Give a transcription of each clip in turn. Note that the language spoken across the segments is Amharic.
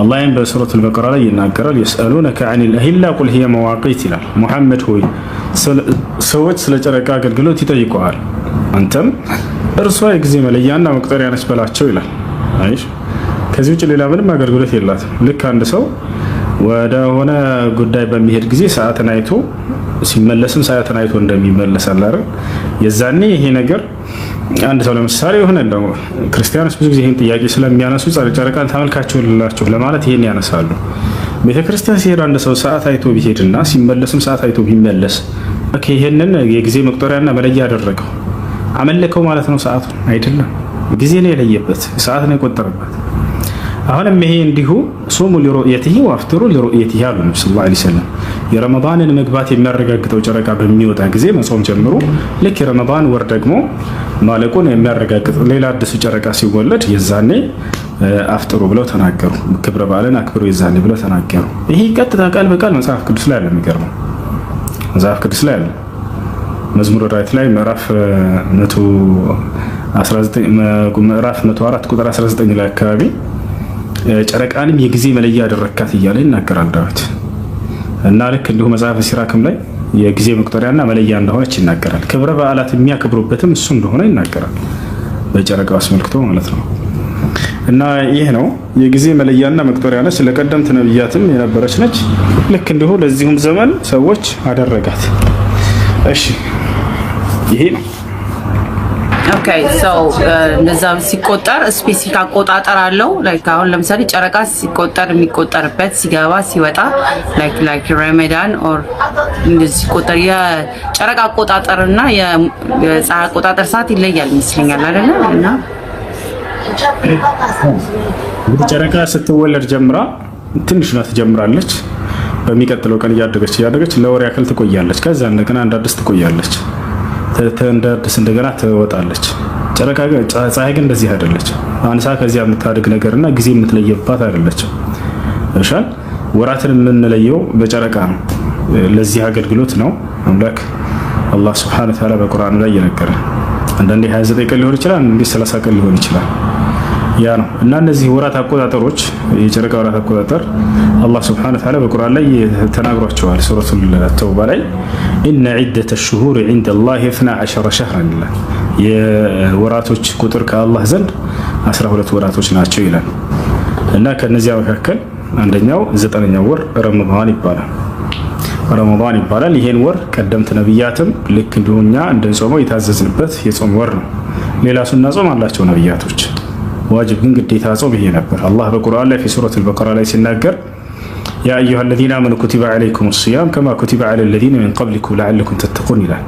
አላህም በሱረቱል በቀራ ላይ ይናገራል። የስአሉነከ አኒል አሂላ ቁል ሂየ መዋቂት ይላል። ሙሐመድ ሆይ ሰዎች ስለ ጨረቃ አገልግሎት ይጠይቀዋል፣ አንተም እርሷ የጊዜ መለያና መቁጠሪያ ነች በላቸው ይላል። አይ ከዚህ ውጭ ሌላ ምንም አገልግሎት የላትም። ልክ አንድ ሰው ወደ ሆነ ጉዳይ በሚሄድ ጊዜ ሰዓትን አይቶ ሲመለስም ሰዓትን አይቶ እንደሚመለስ አላረ የዛኔ ይሄ ነገር አንድ ሰው ለምሳሌ የሆነ እንደው ክርስቲያኖች ብዙ ጊዜ ይህን ጥያቄ ስለሚያነሱ ጸረ ጨረቃን ታመልካችሁላችሁ ለማለት ይሄን ያነሳሉ። ቤተ ክርስቲያን ሲሄድ አንድ ሰው ሰዓት አይቶ ቢሄድና ሲመለስም ሰዓት አይቶ ቢመለስ ይህንን የጊዜ መቁጠሪያና መለያ ያደረገው አመለከው ማለት ነው። ሰዓቱ አይደለም፣ ጊዜ ነው የለየበት፣ ሰዓት ነው የቆጠረበት። አሁንም ይሄ እንዲሁ ሱሙ ሊሩእየትህ ወአፍጢሩ ሊሩእየትህ አሉ ነቢ ስ ላ ሰለም የረመዳንን መግባት የሚያረጋግጠው ጨረቃ በሚወጣ ጊዜ መጾም ጀምሩ። ልክ የረመዳን ወር ደግሞ ማለቁን የሚያረጋግጥ ሌላ አዲሱ ጨረቃ ሲወለድ የዛኔ አፍጥሩ ብለው ተናገሩ። ክብረ በዓልን አክብሩ የዛኔ ብለው ተናገሩ። ይሄ ቀጥታ ቃል በቃል መጽሐፍ ቅዱስ ላይ ያለ ነገር ነው። መጽሐፍ ቅዱስ ላይ ያለ መዝሙር ዳዊት ላይ ምዕራፍ 104 ቁጥር 19 ላይ አካባቢ ጨረቃንም የጊዜ መለያ አደረካት እያለ ይናገራል ዳዊት እና ልክ እንዲሁ መጽሐፈ ሲራክም ላይ የጊዜ መቁጠሪያና መለያ እንደሆነች ይናገራል። ክብረ በዓላት የሚያከብሩበትም እሱ እንደሆነ ይናገራል። በጨረቃው አስመልክቶ ማለት ነው። እና ይህ ነው የጊዜ መለያና መቁጠሪያ ነች። ለቀደምት ነብያትም የነበረች ነች። ልክ እንዲሁ ለዚሁም ዘመን ሰዎች አደረጋት። እሺ ይሄ ነው። ኦኬ ሰው uh, እንደዛ ሲቆጠር ስፔሲፊክ አቆጣጠር አለው። ላይክ አሁን ለምሳሌ ጨረቃ ሲቆጠር የሚቆጠርበት ሲገባ ሲወጣ፣ ላይክ ላይክ ረመዳን ኦር እንደዚህ ሲቆጠር የጨረቃ አቆጣጠርና የፀሐይ አቆጣጠር ሰዓት ይለያል ይመስለኛል አይደለ? እና እንግዲህ ጨረቃ ስትወለድ ጀምራ ትንሽ ናት ጀምራለች። በሚቀጥለው ቀን እያደገች እያደገች ለወር ያክል ትቆያለች። ከዛ እንደገና አንድ አዲስ ትቆያለች። ተንደርድስ እንደገና ትወጣለች። ጨረቃ ግን ፀሐይ ግን እንደዚህ አይደለች። አንሳ ከዚያ የምታድግ ነገርና ጊዜ የምትለየባት አይደለች። እሻል ወራትን የምንለየው በጨረቃ ነው። ለዚህ አገልግሎት ነው አምላክ አላህ ስብሐነ ወተዓላ በቁርአኑ ላይ እየነገረ አንዳንዴ 29 ቀን ሊሆን ይችላል፣ እንዲህ 30 ቀን ሊሆን ይችላል። ያ ነው እና እነዚህ ወራት አቆጣጠሮች የጨረቃ ወራት አቆጣጠር አላህ ሱብሓነሁ ወተዓላ በቁርአን ላይ ተናግሯቸዋል። ሱረቱል ተውባ ላይ ኢነ ዒደተ ሽሁር ዒንደላሂ ኢስና ዐሸረ ሸህረን ይላል። የወራቶች ቁጥር ከአላህ ዘንድ 12 ወራቶች ናቸው ይላል እና ከነዚያ መካከል አንደኛው ዘጠነኛው ወር ረመዳን ይባላል ረመዳን ይባላል። ይሄን ወር ቀደምት ነብያትም ልክ እንዲሁ እኛ እንድንጾመው የታዘዝንበት የጾም ወር ነው። ሌላ ሱና ጾም አላቸው ነብያቶች። ዋጅብ ግን ግዴታ ጾም ይሄ ነበር። አላህ በቁርአን ላይ ሱረት አልበቀራ ላይ ሲናገር ያ አዩሃ ለዚነ አመኑ ኩቲበ ዓለይኩም ሲያም ከማ ኩቲበ ዓለ ለዚነ ሚን ቀብሊኩም ለዓለኩም ተተቁን ይላል።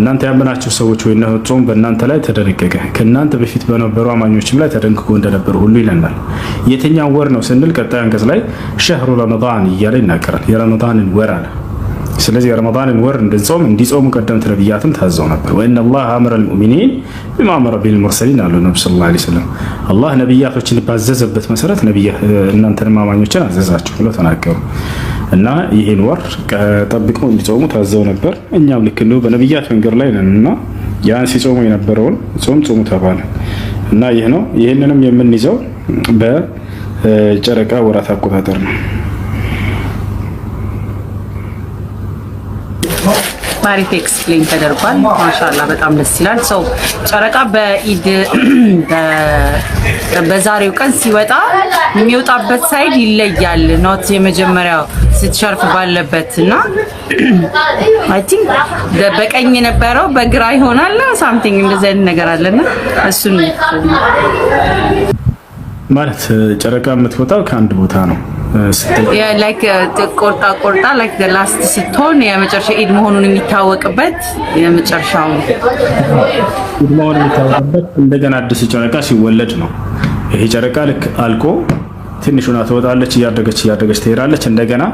እናንተ ያመናችሁ ሰዎች ወይ ጾም በእናንተ ላይ ተደነገገ ከእናንተ በፊት በነበሩ አማኞችም ላይ ተደንግጎ እንደነበሩ ሁሉ ይለናል። የትኛው ወር ነው ስንል ቀጣይ አንቀጽ ላይ ሸህሩ ረመዳን እያለ ይናገራል። የረመዳንን ወር አለ ስለዚህ የረመዳንን ወር እንድንጾም እንዲጾሙ ቀደምት ነቢያትም ታዘው ነበር። ወኢነ ላህ አመረ ልሙእሚኒን ቢማ አመረ ቢል ሙርሰሊን አሉ ነቢ ስ ላ ስለም። አላህ ነብያቶችን ባዘዘበት መሰረት እናንተን ማማኞችን አዘዛችሁ ብለው ተናገሩ እና ይህን ወር ጠብቀው እንዲጾሙ ታዘው ነበር። እኛም ልክ እንዲሁ በነቢያት መንገድ ላይ ነን ያን ሲጾሙ የነበረውን ጾም ጾሙ ተባለ እና ይህ ነው። ይህንንም የምንይዘው በጨረቃ ወራት አቆጣጠር ነው። በአሪፍ ኤክስፕሌን ተደርጓል። ማሻላ በጣም ደስ ይላል። ሰው ጨረቃ በኢድ በዛሬው ቀን ሲወጣ የሚወጣበት ሳይድ ይለያል። ኖት የመጀመሪያው ስትሸርፍ ባለበት እና አይ ቲንክ በቀኝ የነበረው በግራ ይሆናል። ሳምቲንግ እንደዚህ አይነት ነገር አለና እሱን ማለት ጨረቃ የምትወጣው ከአንድ ቦታ ነው Uh, ቆርጣ ቆርጣ ላይክ ላስት ስትሆን የመጨረሻ ኢድ መሆኑን የሚታወቅበት የመጨረሻው ኢድ መሆኑን የሚታወቅበት እንደገና አዲስ ጨረቃ ሲወለድ ነው። ይሄ ጨረቃ ልክ አልቆ ትንሹና ትወጣለች፣ እያደገች እያደገች ትሄዳለች። እንደገና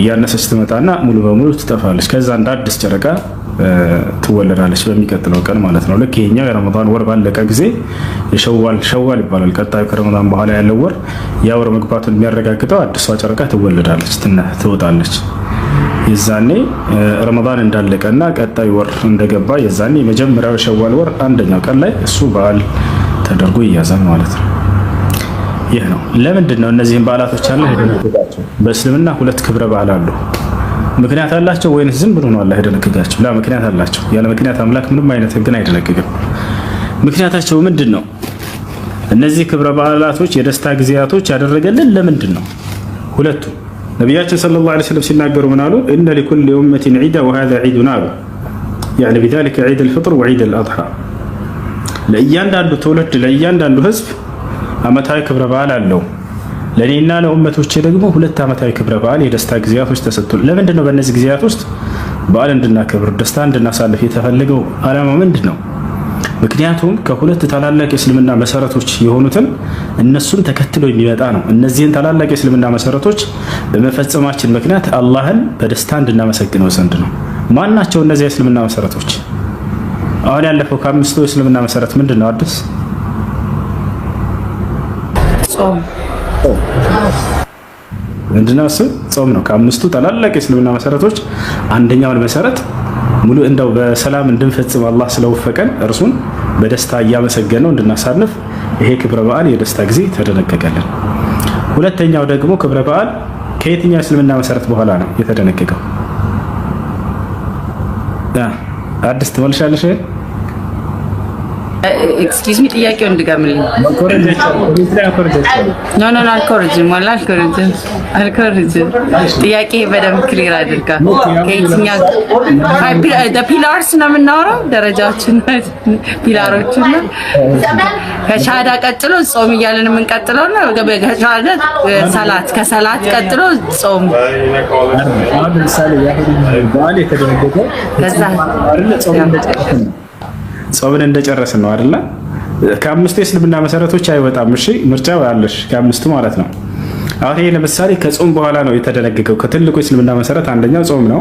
እያነሰች ትመጣና ሙሉ በሙሉ ትጠፋለች። ከዛ እንደ አዲስ ጨረቃ ትወለዳለች በሚቀጥለው ቀን ማለት ነው። ልክ ይሄኛው የረመዳን ወር ባለቀ ጊዜ የሸዋል ሸዋል ይባላል። ቀጣዩ ከረመዳን በኋላ ያለው ወር ያ ወር መግባቱን የሚያረጋግጠው አዲሷ ጨረቃ ትወለዳለች፣ ትወጣለች። የዛኔ ረመዳን እንዳለቀና ቀጣይ ወር እንደገባ የዛኔ የመጀመሪያው የሸዋል ወር አንደኛው ቀን ላይ እሱ በዓል ተደርጎ ይያዛል ማለት ነው። ይህ ነው ለምንድን ነው እነዚህን በዓላቶች አለ በእስልምና ሁለት ክብረ በዓል አሉ። ምክንያት አላቸው ወይንስ ዝም ብሎ ነው አላህ የደነገጋቸው? ላ ምክንያት አላቸው። ያለ ምክንያት አምላክ ምንም አይነት ህግን አይደነግግም። ምክንያታቸው ምንድን ነው? እነዚህ ክብረ በዓላቶች የደስታ ጊዜያቶች ያደረገልን ለምንድን ነው? ሁለቱ ነቢያችን ሰለላሁ ዐለይሂ ወሰለም ሲናገሩ ምን አሉ? ኢነ ሊኩሊ ኡመቲን ዒደ ወሃዛ ዒዱና አሉ። ያኒ ቢዛሊከ ዒድ አልፍጥር ወዒድ አልአድሃ። ለእያንዳንዱ ትውልድ ለእያንዳንዱ ህዝብ አመታዊ ክብረ በዓል አለው። ለእኔና ለኡመቶቼ ደግሞ ሁለት ዓመታዊ ክብረ በዓል የደስታ ጊዜያቶች ተሰጥቶ ለምንድን ነው በእነዚህ ጊዜያት ውስጥ በዓል እንድናከብር ደስታ እንድናሳልፍ የተፈለገው ዓላማ ምንድን ነው? ምክንያቱም ከሁለት ታላላቅ የእስልምና መሰረቶች የሆኑትን እነሱን ተከትሎ የሚመጣ ነው። እነዚህን ታላላቅ የእስልምና መሰረቶች በመፈጸማችን ምክንያት አላህን በደስታ እንድናመሰግነው ዘንድ ነው። ማን ናቸው እነዚህ የእስልምና መሰረቶች? አሁን ያለፈው ከአምስቱ የእስልምና መሰረት ምንድን ነው? አዲስ ምንድነው እሱ? ጾም ነው። ከአምስቱ ታላላቅ የእስልምና መሰረቶች አንደኛውን መሰረት ሙሉ እንደው በሰላም እንድንፈጽም አላህ ስለወፈቀን እርሱን በደስታ እያመሰገን ነው እንድናሳልፍ ይሄ ክብረ በዓል የደስታ ጊዜ ተደነገገልን። ሁለተኛው ደግሞ ክብረ በዓል ከየትኛው የእስልምና መሰረት በኋላ ነው የተደነገገው? አዲስ ትመልሻለሽ? ኤክስኪውዝ ሚ ጥያቄውን ድገምልኝ። ኖ አልኮርጅም፣ አልኮርጅም፣ አልኮርጅም። ጥያቄ በደንብ ክሊር አድርጋ ከየትኛው ፒላርስ ነው የምናወራው? ደረጃዎችን፣ ፒላሮችን ነው ቀጥሎ ጾም እያለን የምንቀጥለው ነው። ሰላት፣ ከሰላት ቀጥሎ ጾም ጾምን እንደጨረስን ነው አይደለ? ከአምስቱ የእስልምና መሰረቶች አይወጣም። እሺ ምርጫ አለሽ ከአምስቱ ማለት ነው። አሁን ይሄ ለምሳሌ ከጾም በኋላ ነው የተደነገገው። ከትልቁ የእስልምና መሰረት አንደኛው ጾም ነው።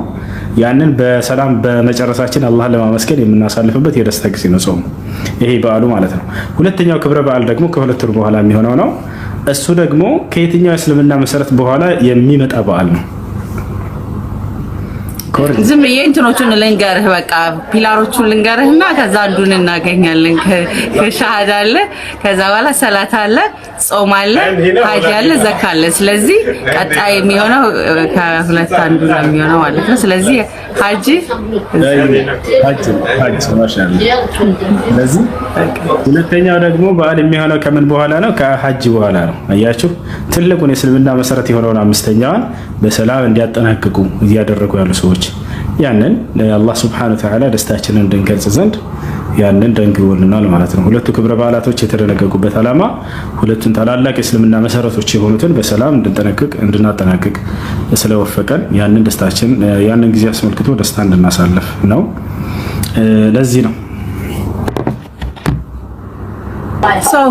ያንን በሰላም በመጨረሳችን አላህን ለማመስገን የምናሳልፍበት የደስታ ጊዜ ነው ጾም፣ ይሄ በዓሉ ማለት ነው። ሁለተኛው ክብረ በዓል ደግሞ ከሁለት ወር በኋላ የሚሆነው ነው። እሱ ደግሞ ከየትኛው የእስልምና መሰረት በኋላ የሚመጣ በዓል ነው። ዝም ብዬ እንትኖቹን ልንገርህ፣ በቃ ፒላሮቹን ልንገርህና እና ከዛ አንዱን እናገኛለን። ከሻሃዳ አለ፣ ከዛ በኋላ ሰላት አለ ጾም አለ፣ ሀጅ አለ፣ ዘካ አለ። ስለዚህ ቀጣይ የሚሆነው ከሁለት አንዱ ነው የሚሆነው ማለት ነው። ስለዚህ ሀጅ ስለዚህ ሁለተኛው ደግሞ በዓል የሚሆነው ከምን በኋላ ነው? ከሀጅ በኋላ ነው። አያችሁ ትልቁን የእስልምና መሰረት የሆነውን አምስተኛዋን በሰላም እንዲያጠናቅቁ እያደረጉ ያሉ ሰዎች ያንን አላህ ስብሐነሁ ወተዓላ ደስታችንን እንድንገልጽ ዘንድ ያንን ደንግቦልናል ማለት ነው። ሁለቱ ክብረ በዓላቶች የተደነገጉበት ዓላማ ሁለቱን ታላላቅ የእስልምና መሰረቶች የሆኑትን በሰላም እንድንጠነቅቅ እንድናጠናቅቅ ስለወፈቀን ያንን ደስታችን ያንን ጊዜ አስመልክቶ ደስታ እንድናሳልፍ ነው። ለዚህ ነው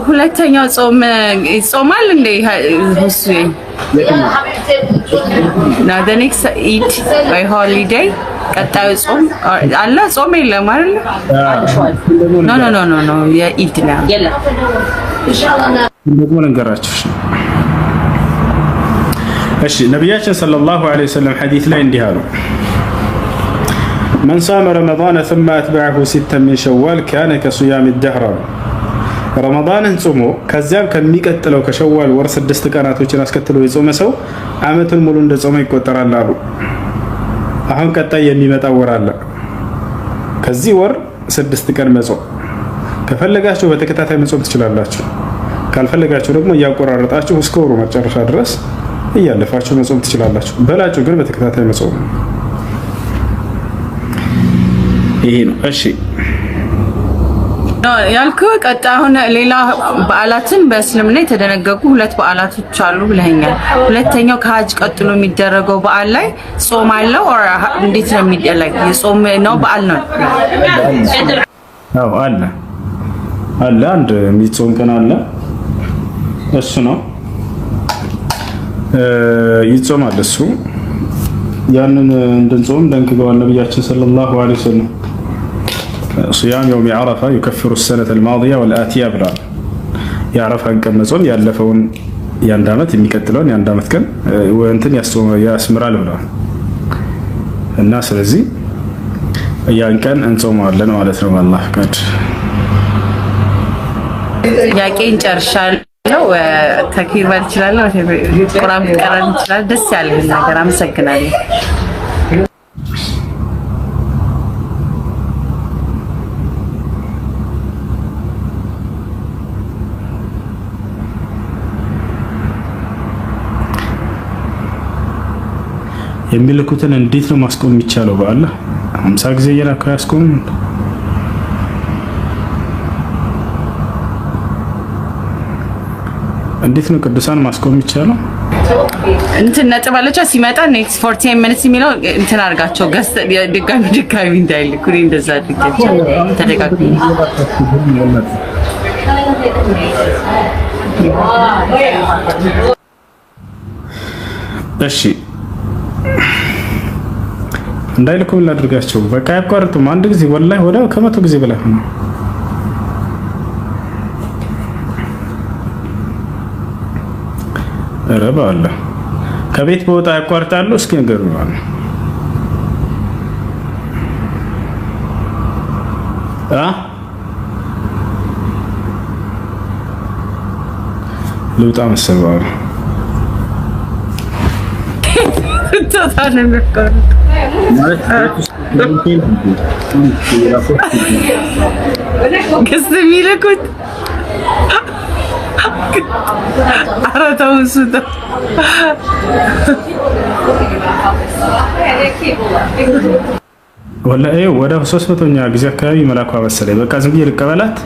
ሁለተኛው ጾም ይጾማል እንደ ሱ ና ኢድ ወይ ሆሊዴይ ቀጣዩ ጾም አለ። ጾም የለም አይደል? ኖ ኖ ኖ ኖ የኢድ ነው። ደግሞ ልንገራችሁ። እሺ ነቢያችን ሰለላሁ ዐለይሂ ወሰለም ሐዲስ ላይ እንዲህ አሉ። መን ሳመ ረመዳነ ثم أتبعه ستا من شوال كان كصيام الدهر ረመዳንን ጾሞ ከዚያም ከሚቀጥለው ከሸዋል ወር ስድስት ቀናቶችን አስከትሎ የጾመ ሰው አመቱን ሙሉ እንደ ጾመ ይቆጠራል አሉ። አሁን ቀጣይ የሚመጣ ወር አለ። ከዚህ ወር ስድስት ቀን መጾም ከፈለጋችሁ በተከታታይ መጾም ትችላላችሁ። ካልፈለጋችሁ ደግሞ እያቆራረጣችሁ እስከ ወሩ መጨረሻ ድረስ እያለፋችሁ መጾም ትችላላችሁ። በላጩ ግን በተከታታይ መጾም ይሄ ነው። እሺ ያልኩህ ቀጣ አሁን ሌላ በዓላትን በእስልምና የተደነገጉ ሁለት በዓላቶች አሉ ሁለተኛው ከሀጅ ቀጥሎ የሚደረገው በዓል ላይ ጾም አለው። እንዴት ነው የሚደረግ? የጾም ነው በዓል ነው አለ አለ አንድ የሚጾም ቀን አለ። እሱ ነው ይጾማል። እሱ ያንን እንድንጾም ደንግገዋል ነብያችን ሰለላሁ ዐለይሂ ወሰለም ሲያም የውም ዓረፋ ዩከፍሩ ሰነት አልማዲያ ወልአቲያ ብሏል። የዓረፋን ቀን መጾም ያለፈውን የአንድ ዓመት የሚቀጥለውን የአንድ ዓመት ቀን እንትን ያስምራል ብሏል እና ስለዚህ ያን ቀን እንጾመዋለን ማለት ነው በአላህ ፈቃድ። ጥያቄን ጨርሻለሁ። ተክቢር ማለት እችላለሁ። ቁርአን ቀራን ይችላል። ደስ ያለኝ ነገር አመሰግናለሁ። የሚልኩትን እንዴት ነው ማስቆም የሚቻለው? በአላህ ሀምሳ ጊዜ እየላኩ ያስቆሙ እንዴት ነው ቅዱሳን ማስቆም የሚቻለው? እንትን ነጥብ አለቻ ሲመጣ ኔክስት ፎርቲ ሚኒትስ የሚለው እንትን አድርጋቸው ገስ ድጋሚ ድጋሚ እንዳይልኩ እኔ እንደዛ አድርጋቸው ተደጋግሞ እሺ እንዳይልኩ ምን ላድርጋቸው? በቃ ያቋርጡም። አንድ ጊዜ ወላሂ ወደ ከመቶ ጊዜ በላይ ሆነ። ኧረ በአለ ከቤት በወጣ ያቋርጣሉ። እስኪ ነገር ነው አ ልውጣ መሰለህ ጾታ ነው የሚያቋርጥ ክስ የሚልኩት ኧረ ተው እሱ ተው። ወላሂ ወደ ሶስት መቶኛ ጊዜ አካባቢ መላኳ መሰለኝ። በቃ ዝም ብዬ ልቀበላት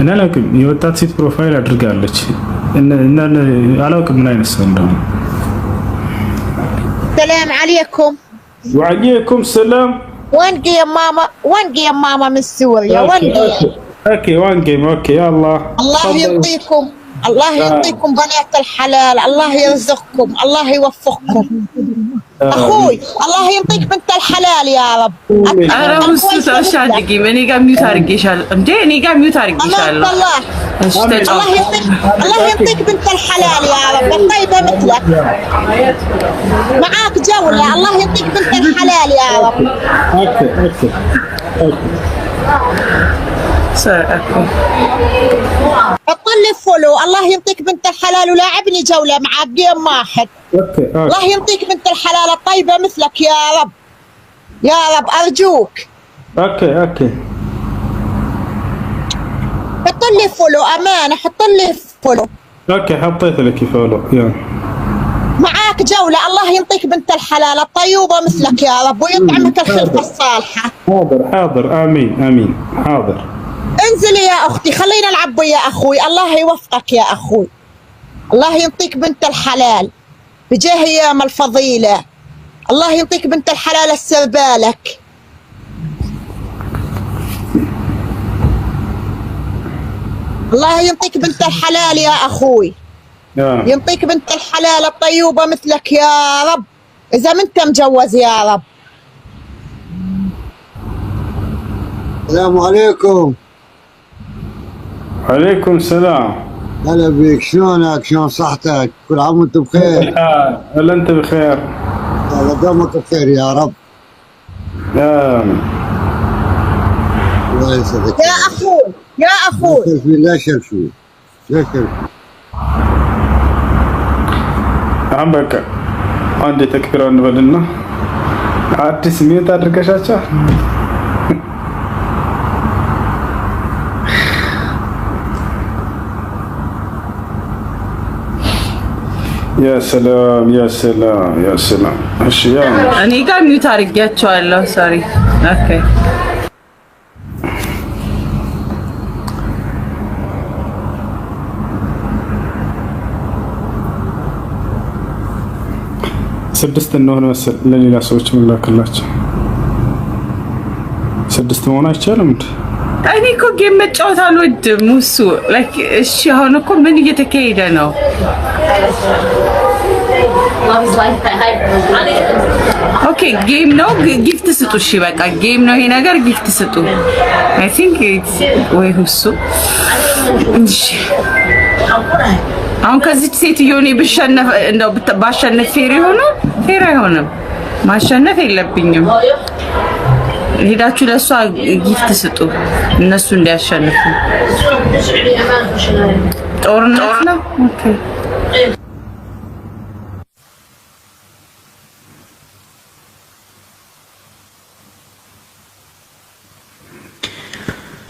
እና አላውቅም። የወጣት ሴት ፕሮፋይል አድርጋለች እና አላውቅም ምን አይነት ሰው እንደሆነ السلام عليكم وعليكم السلام وانقي يا ماما وانقي يا ماما من سوريا وانقي اوكي وانقي اوكي يلا الله يرضيكم الله آه. يعطيكم بنات الحلال الله يرزقكم الله يوفقكم آه. اخوي الله يعطيك بنت الحلال يا رب انا مبسوطه አሻድጊ እኔ ጋር ሚዩት አድርጌሻለሁ እንዴ እኔ ان شاء الله الله يعطيك الله يعطيك بنت الحلال يا رب طيبه مثلك معاك جوله الله يعطيك بنت الحلال يا رب اوكي اوكي اوكي سائكم طلب فولو الله يعطيك بنت الحلال ولاعبني جوله مع جيم واحد اوكي آه. الله يعطيك بنت الحلال الطيبه مثلك يا رب يا رب ارجوك اوكي اوكي حط لي فولو امانه حط لي فولو اوكي حطيت لك فولو يلا معاك جولة الله يعطيك بنت الحلال الطيوبة مثلك يا رب ويطعمك الخلفة الصالحة حاضر حاضر آمين آمين حاضر انزلي يا اختي خلينا نلعب يا اخوي الله يوفقك يا اخوي الله ينطيك بنت الحلال بجاه ايام الفضيله الله ينطيك بنت الحلال السبالك الله ينطيك بنت الحلال يا اخوي نعم. ينطيك بنت الحلال الطيوبه مثلك يا رب اذا منت انت مجوز يا رب السلام عليكم عليكم السلام هلا بك شلونك شلون صحتك كل عام وانت بخير هلا انت بخير هلا دامك بخير يا رب يا الله يسعدك يا اخوي يا اخوي لا شرشوي لا عندي አበቃ አንድ ተክቢራ عاد አዲስ ሜት አድርገሻቸዋል ያሰላም ያሰላም ያሰላም። እሺ ያ እኔ ጋር ሚውት አድርጌያቸዋለሁ። ሶሪ ኦኬ። ስድስት እንደሆነ መሰል ለሌላ ሰዎች ምላክላቸው። ስድስት መሆን አይቻልም እንዴ? እኔ እኮ ጌም መጫወት አልወድም። እሱ እሺ፣ አሁን እኮ ምን እየተካሄደ ነው? ኦኬ ጌም ነው። ጊፍት ስጡ። እሺ በቃ ጌም ነው ይሄ ነገር፣ ጊፍት ስጡ። አይ ቲንክ ወይ እሱ እሺ አሁን ከዚች ሴትዮ እኔ ብሸነፍ እንደው ባሸነፍ ፌር ይሆናል? ፌር አይሆንም። ማሸነፍ የለብኝም። ሄዳችሁ ለእሷ ጊፍት ስጡ፣ እነሱ እንዲያሸንፉ። ጦርነት ነው። ኦኬ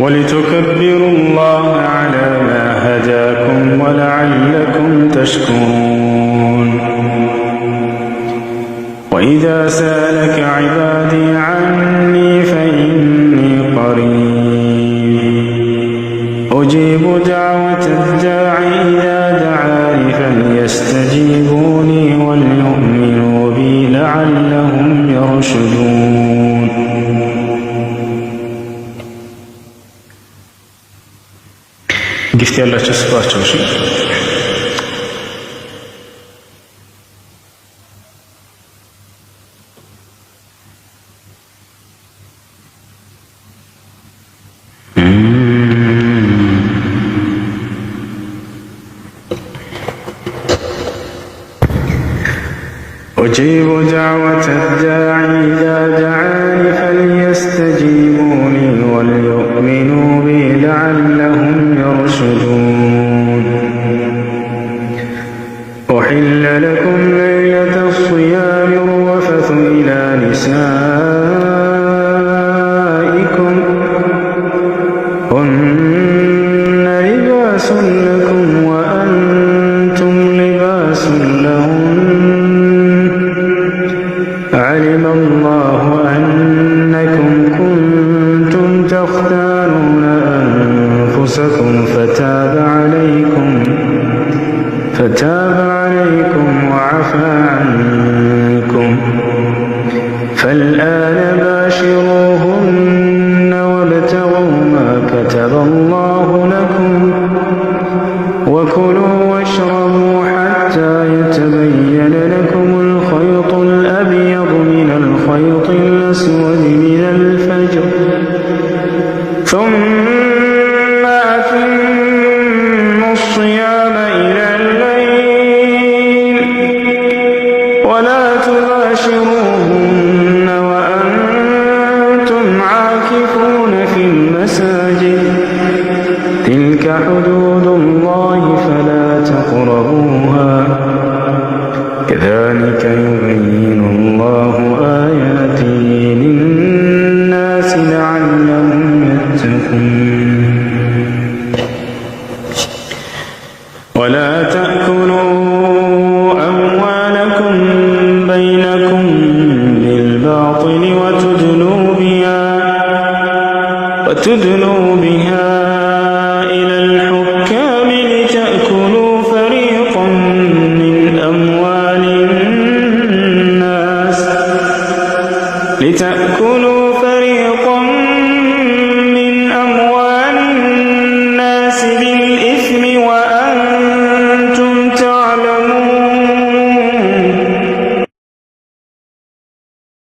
ولتكبروا الله على ما هداكم ولعلكم تشكرون وإذا سألك عبادي عني أجيب دعوة الداع إذا دعاني فليستجيبوني وليؤمنوا بي لعلهم يرشدون قلت الله تسباتوا شيء أجيب دعوة الداعي إذا دعاني وتدنو